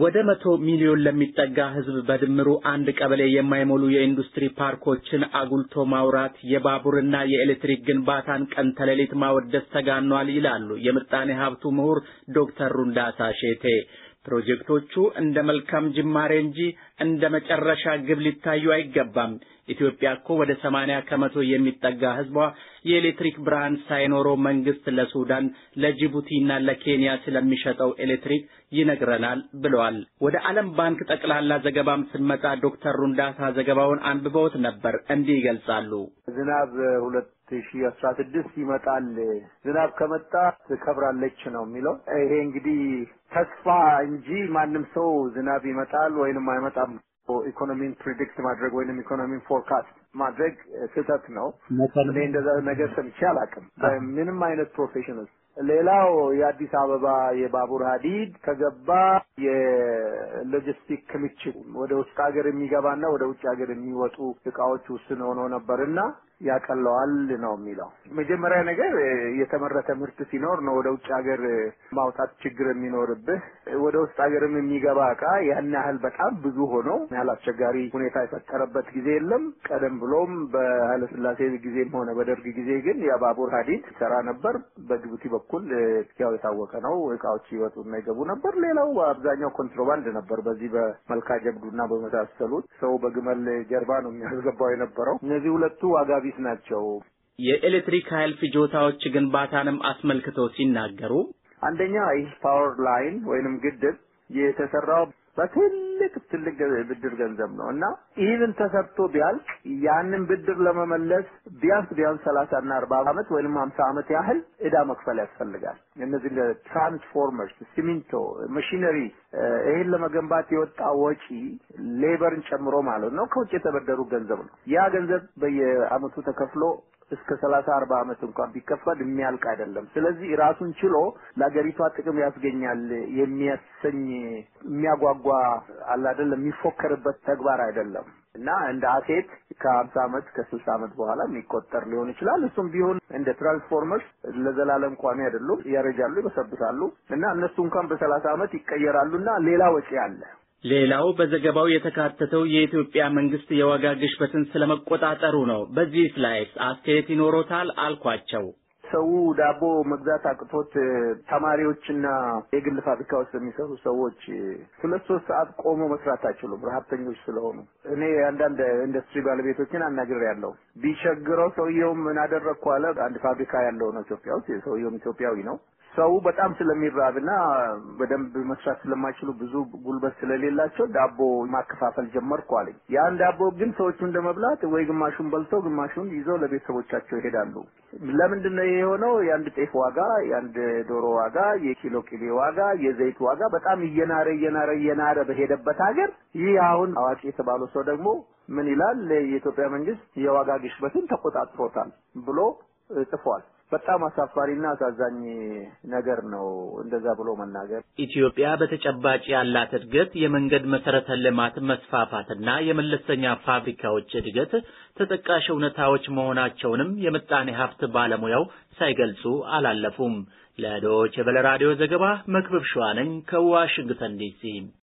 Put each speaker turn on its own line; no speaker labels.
ወደ መቶ ሚሊዮን ለሚጠጋ ህዝብ በድምሩ አንድ ቀበሌ የማይሞሉ የኢንዱስትሪ ፓርኮችን አጉልቶ ማውራት የባቡርና የኤሌክትሪክ ግንባታን ቀን ተሌሊት ማወደስ ተጋኗል ይላሉ የምጣኔ ሀብቱ ምሁር ዶክተር ሩንዳሳ ሼቴ። ፕሮጀክቶቹ እንደ መልካም ጅማሬ እንጂ እንደ መጨረሻ ግብ ሊታዩ አይገባም። ኢትዮጵያ እኮ ወደ 80 ከመቶ የሚጠጋ ህዝቧ የኤሌክትሪክ ብርሃን ሳይኖረው መንግስት ለሱዳን ለጅቡቲና ለኬንያ ስለሚሸጠው ኤሌክትሪክ ይነግረናል ብለዋል። ወደ ዓለም ባንክ ጠቅላላ ዘገባም ስንመጣ ዶክተር ሩንዳታ ዘገባውን አንብበውት ነበር። እንዲህ ይገልጻሉ።
ዝናብ ሁለት ሁለት ሺህ አስራ ስድስት ይመጣል። ዝናብ ከመጣ ትከብራለች ነው የሚለው። ይሄ እንግዲህ ተስፋ እንጂ ማንም ሰው ዝናብ ይመጣል ወይንም አይመጣም ኢኮኖሚን ፕሪዲክት ማድረግ ወይንም ኢኮኖሚን ፎርካስት ማድረግ ስህተት ነው። እኔ እንደዛ ነገር ሰምቼ አላቅም ምንም አይነት ፕሮፌሽን ሌላው የአዲስ አበባ የባቡር ሀዲድ ከገባ የሎጂስቲክ ክምችት ወደ ውስጥ ሀገር የሚገባና ወደ ውጭ ሀገር የሚወጡ እቃዎች ውስን ሆኖ ነበር እና ያቀለዋል ነው የሚለው። መጀመሪያ ነገር የተመረተ ምርት ሲኖር ነው ወደ ውጭ ሀገር ማውጣት ችግር የሚኖርብህ። ወደ ውስጥ ሀገርም የሚገባ እቃ ያን ያህል በጣም ብዙ ሆኖ ያህል አስቸጋሪ ሁኔታ የፈጠረበት ጊዜ የለም። ቀደም ብሎም በኃይለስላሴ ጊዜም ሆነ በደርግ ጊዜ ግን የባቡር ሀዲድ ይሰራ ነበር። በጅቡቲ በኩል ያው የታወቀ ነው። እቃዎች ይወጡ እና ይገቡ ነበር። ሌላው አብዛኛው ኮንትሮባንድ ነበር። በዚህ በመልካ ጀብዱና በመሳሰሉት ሰው በግመል ጀርባ ነው የሚያስገባው የነበረው። እነዚህ ሁለቱ ዋጋ አዲስ ናቸው።
የኤሌክትሪክ ኃይል ፍጆታዎች ግንባታንም አስመልክቶ ሲናገሩ
አንደኛ ይህ ፓወር ላይን ወይንም ግድብ የተሰራው በትል ትልቅ ትልቅ ብድር ገንዘብ ነው እና ኢቭን ተሰርቶ ቢያልቅ ያንን ብድር ለመመለስ ቢያንስ ቢያንስ ሰላሳ እና አርባ አመት ወይም ሀምሳ አመት ያህል እዳ መክፈል ያስፈልጋል። እነዚህ ትራንስፎርመር ሲሚንቶ፣ መሽነሪ ይህን ለመገንባት የወጣ ወጪ ሌበርን ጨምሮ ማለት ነው ከውጭ የተበደሩ ገንዘብ ነው። ያ ገንዘብ በየአመቱ ተከፍሎ እስከ ሰላሳ አርባ አመት እንኳን ቢከፈል የሚያልቅ አይደለም። ስለዚህ ራሱን ችሎ ለሀገሪቷ ጥቅም ያስገኛል የሚያሰኝ የሚያጓጓ አለ አይደል የሚፎከርበት ተግባር አይደለም እና እንደ አሴት ከሀምሳ ዓመት ከስልሳ ዓመት በኋላ የሚቆጠር ሊሆን ይችላል። እሱም ቢሆን እንደ ትራንስፎርመርስ ለዘላለም ቋሚ አይደሉም፣ ያረጃሉ፣ ይበሰብሳሉ እና እነሱ እንኳን በሰላሳ ዓመት ይቀየራሉ እና ሌላ ወጪ አለ።
ሌላው በዘገባው የተካተተው የኢትዮጵያ መንግስት የዋጋ ግሽበትን ስለመቆጣጠሩ ነው። በዚህ ላይ አስተያየት ይኖሮታል አልኳቸው።
ሰው ዳቦ መግዛት አቅቶት ተማሪዎችና የግል ፋብሪካ ውስጥ የሚሰሩ ሰዎች ሁለት ሶስት ሰዓት ቆሞ መስራት አይችሉም፣ ረሀብተኞች ስለሆኑ። እኔ አንዳንድ ኢንዱስትሪ ባለቤቶችን ያለው ቢቸግረው ሰውየውም ምን አደረግኩ አለ። አንድ ፋብሪካ ያለው ነው ኢትዮጵያ ውስጥ። ሰውየውም ኢትዮጵያዊ ነው። ሰው በጣም ስለሚራብና በደንብ መስራት ስለማይችሉ ብዙ ጉልበት ስለሌላቸው ዳቦ ማከፋፈል ጀመርኩ አለኝ። ያን ዳቦ ግን ሰዎቹ እንደመብላት ወይ ግማሹን በልተው ግማሹን ይዘው ለቤተሰቦቻቸው ይሄዳሉ። ለምንድን ነው ይሄ የሆነው? የአንድ ጤፍ ዋጋ፣ የአንድ ዶሮ ዋጋ፣ የኪሎ ቅቤ ዋጋ፣ የዘይት ዋጋ በጣም እየናረ እየናረ እየናረ በሄደበት ሀገር ይህ አሁን አዋቂ የተባለው ሰው ደግሞ ምን ይላል? የኢትዮጵያ መንግስት የዋጋ ግሽበትን ተቆጣጥሮታል ብሎ ጽፏል። በጣም አሳፋሪና አሳዛኝ ነገር ነው። እንደዛ ብሎ መናገር
ኢትዮጵያ በተጨባጭ ያላት እድገት የመንገድ መሰረተ ልማት መስፋፋትና የመለስተኛ ፋብሪካዎች እድገት ተጠቃሽ እውነታዎች መሆናቸውንም የምጣኔ ሀብት ባለሙያው ሳይገልጹ አላለፉም። ለዶች በለ ራዲዮ ዘገባ መክብብ ሸዋነኝ ከዋሽንግተን ዲሲ